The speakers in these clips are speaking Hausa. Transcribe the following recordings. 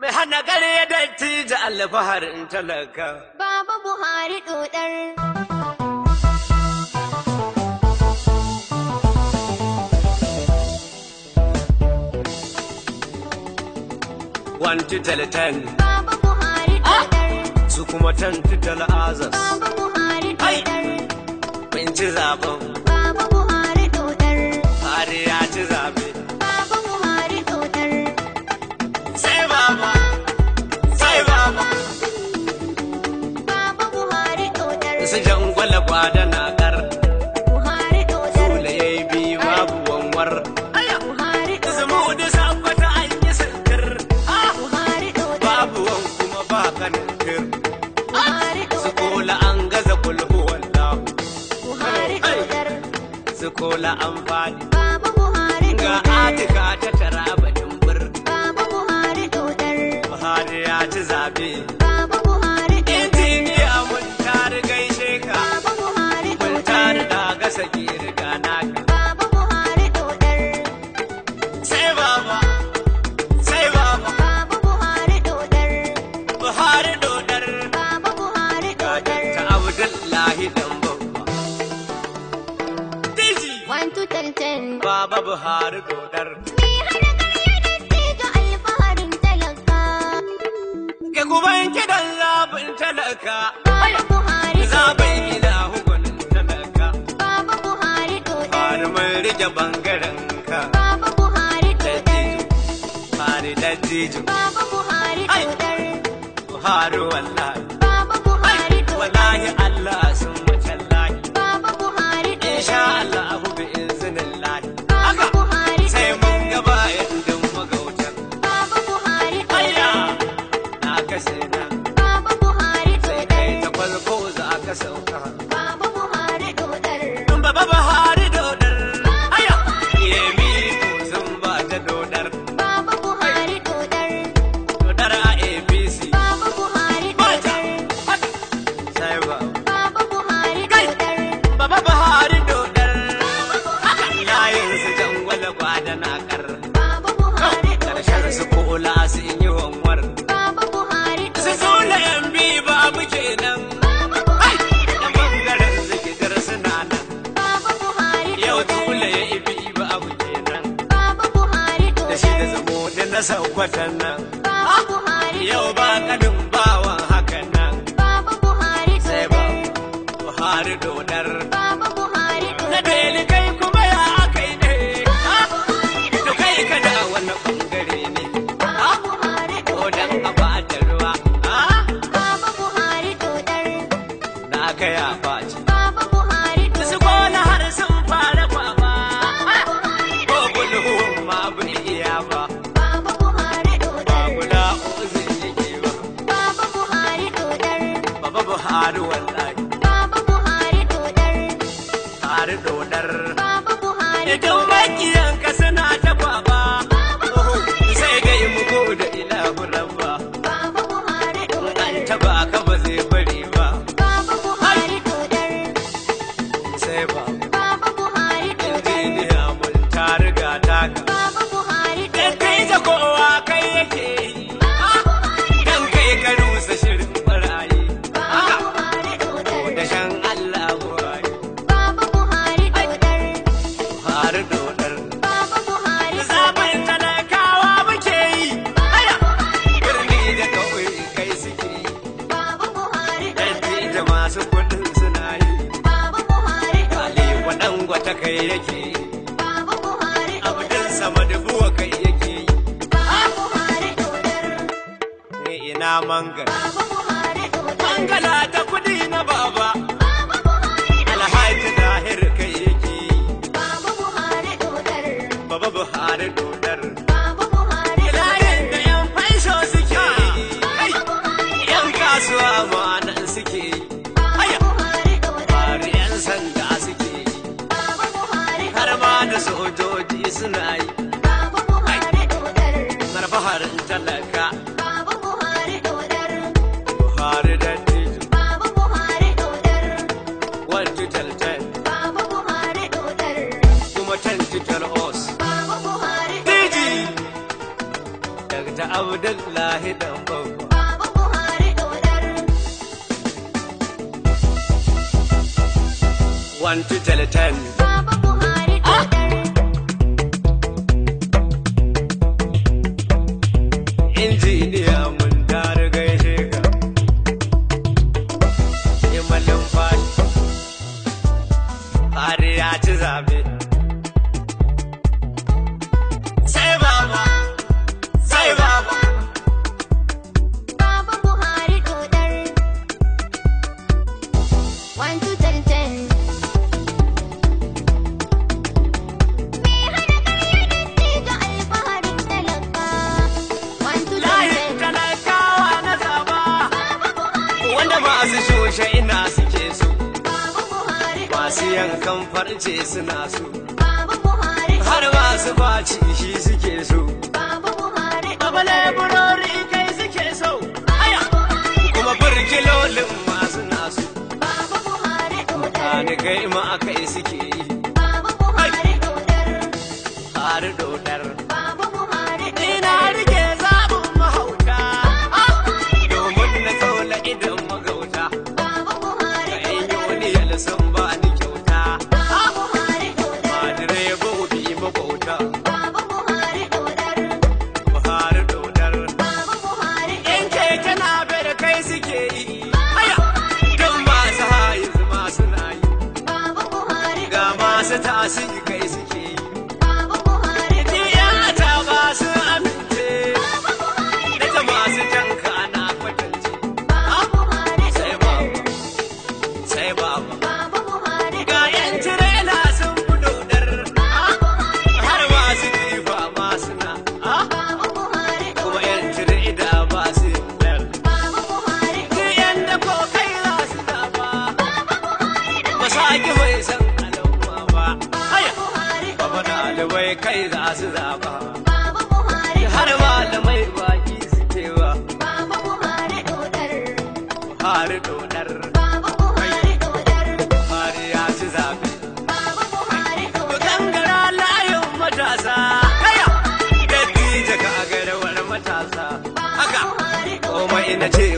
Mai hana gare ya datti da alfaharin talaka. Baba Buhari dodar. One to tell ten. Baba Buhari ah! dodar. Su kuma ten to tell Baba Buhari dodar. Bin ci zaɓen. yanzu ko la'amfani. Baba Buhari Ga atika ta tara banin Babu Baba Buhari dodar. Buhari ya ci zabe. ya dace da alfaharin talaka. kuma yin kidan zaɓin talaka. Wala Buhari Zaɓin gida hukunin talaka. Baba Buhari dodar. Bani mai rike bangaren ka. Baba Buhari dodar. Bani dattijo. Baba Buhari dodar. Buhari wallahi. Baba Buhari dodar. Wallahi na kwatan nan. Yau ba kadin bawan hakan nan. Sai ba Buhari Doda. inji zane kai ma aka yi suke yi. Baba Buhari dodar. Buhari I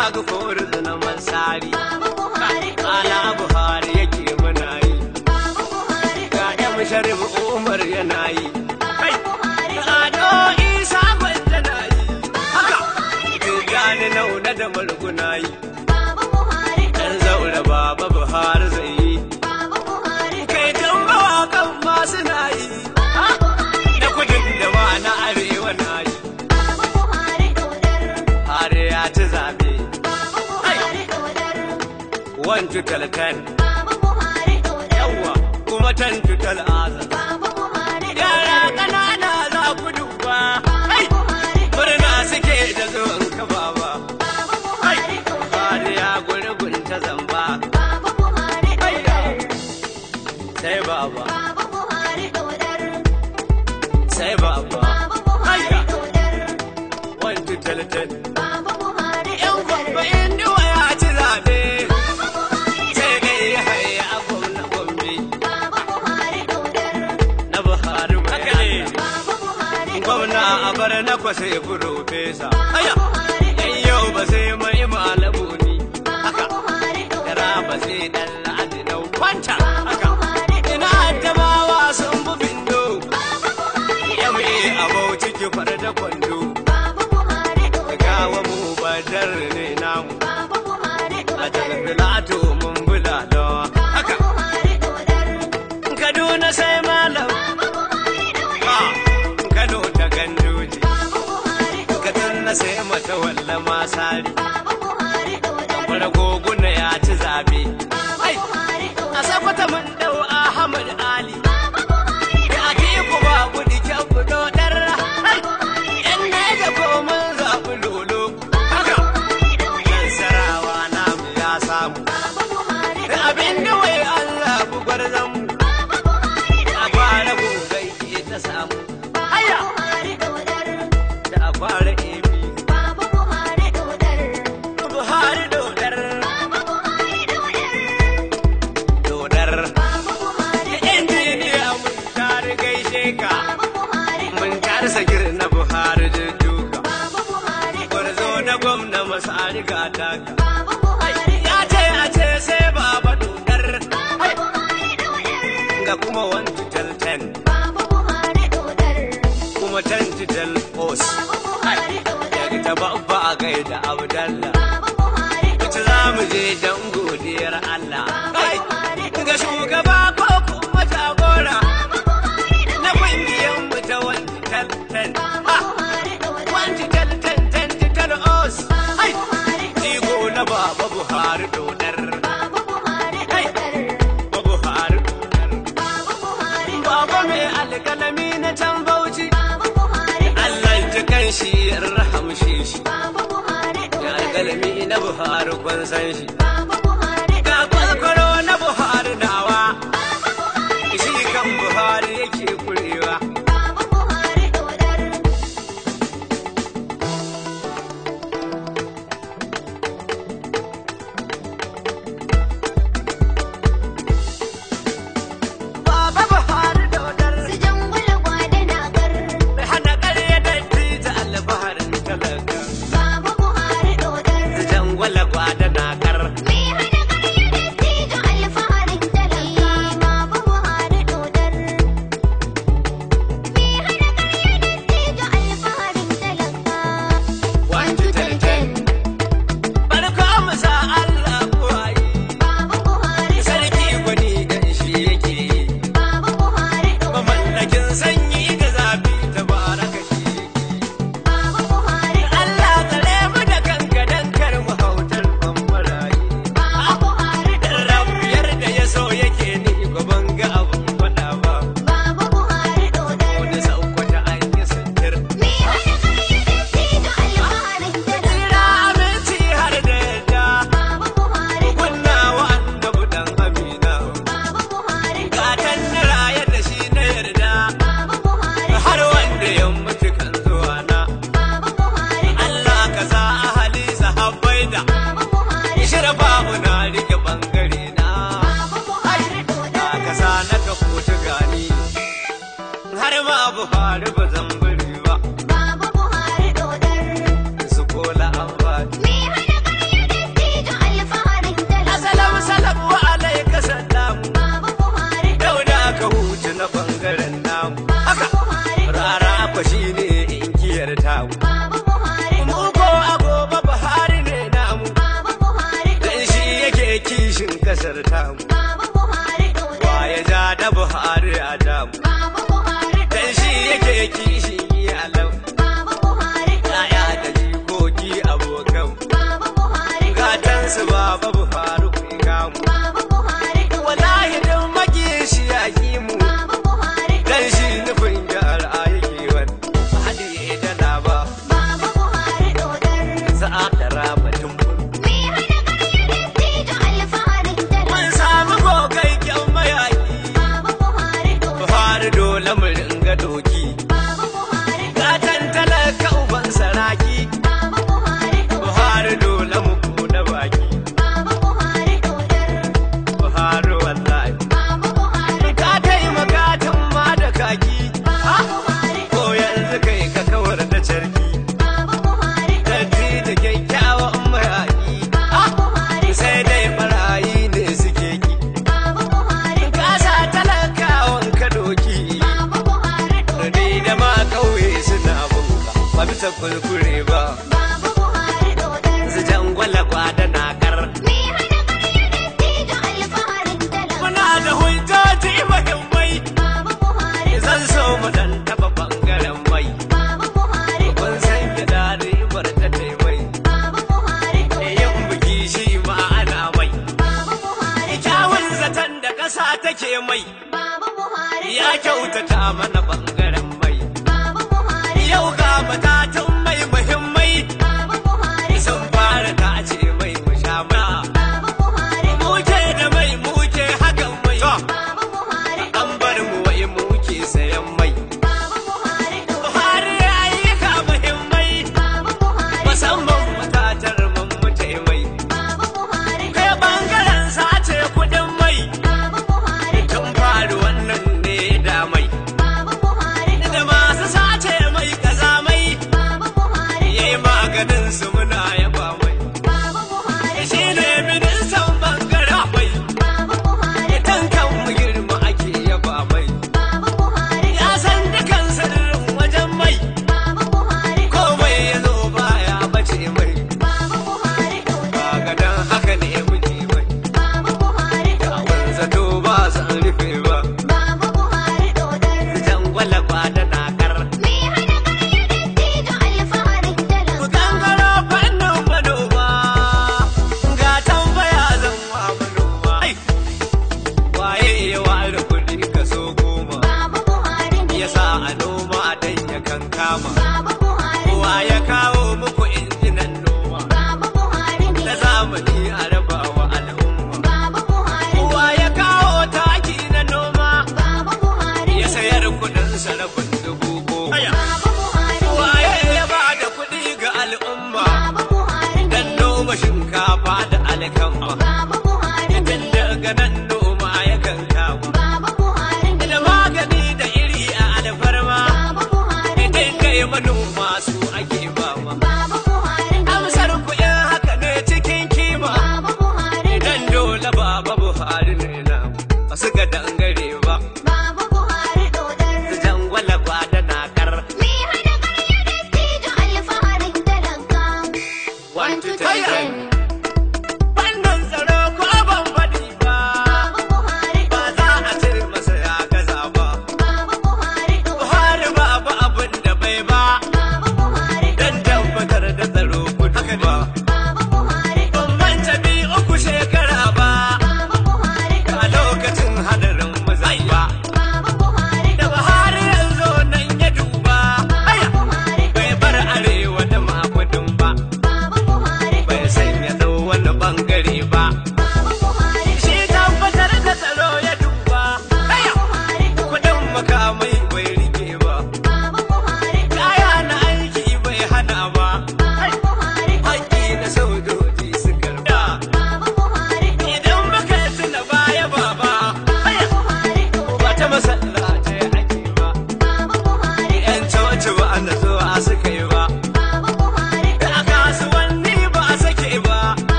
kaga kori na mansari ala buhari yake muna yi ga yan sharif umar yana yi ado isa tana yi haka gani nauna da mulkuna yi dan zaura baba buhari zai yi kai kan mawakan ma yi na kudin da ma na arewa na yi har ya ci zabe wancu talkan. Baba Buhari ɗaure. Yawa kuma tantu tal'a. 这也不如。haka 山西。Harder of a zombie.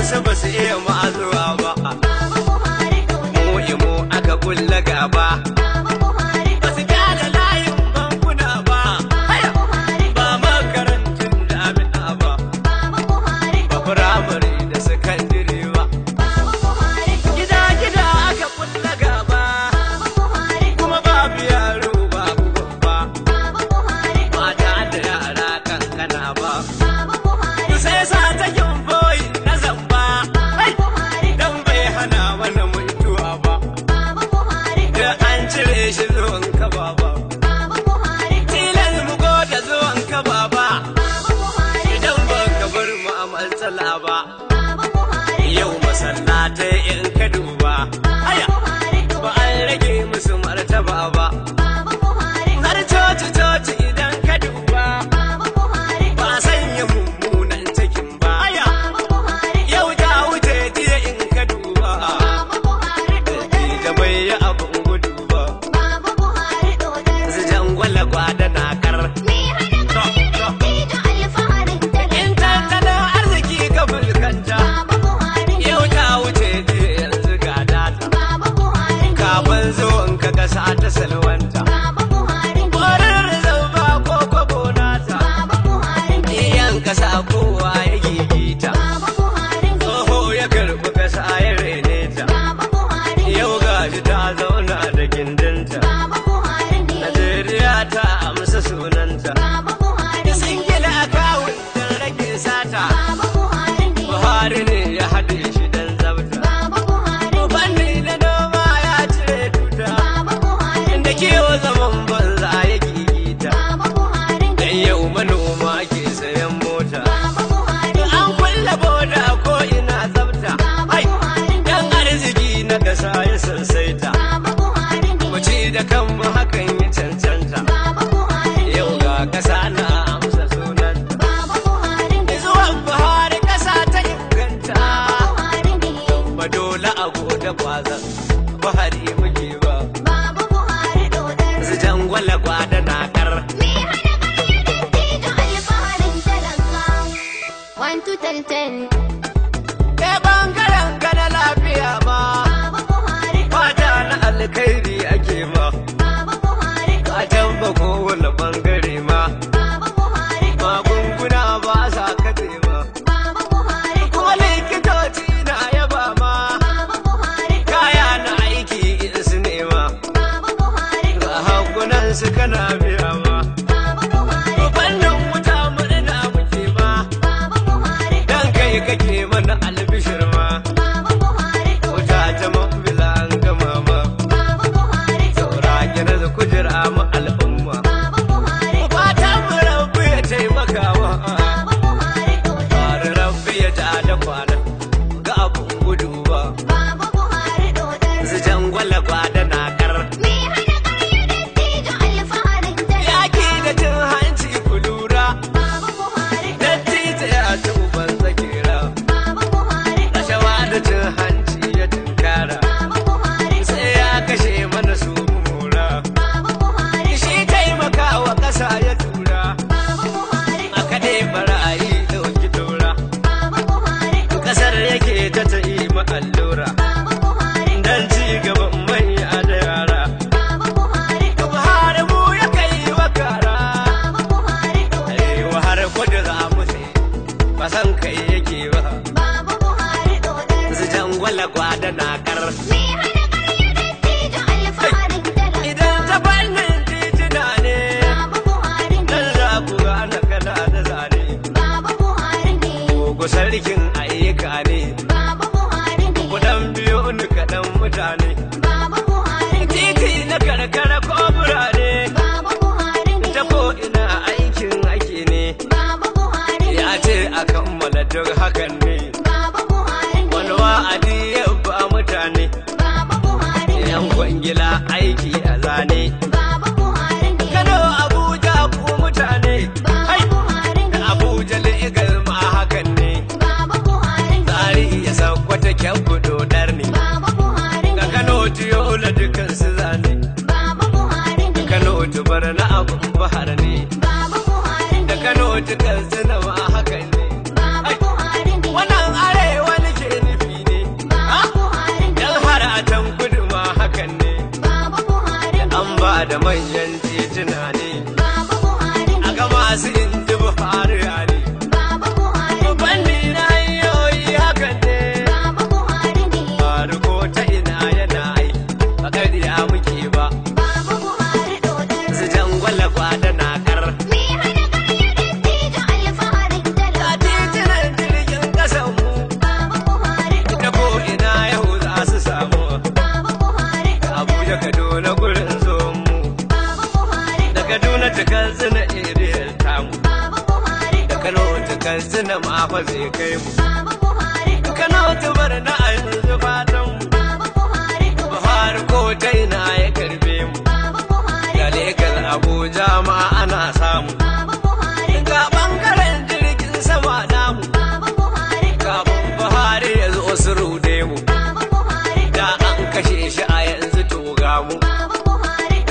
kansa ba su iya ma'azuwa ba. Mu imo aka kulla gaba.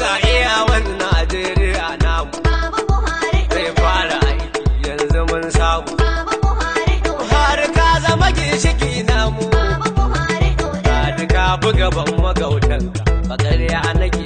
na iya wani Najeriya namu. Baba Buhari zai fara aiki yanzu mun samu. Baba ka zama ginshiki namu. Baba Ka duka buga ban magautanka, ba ya nake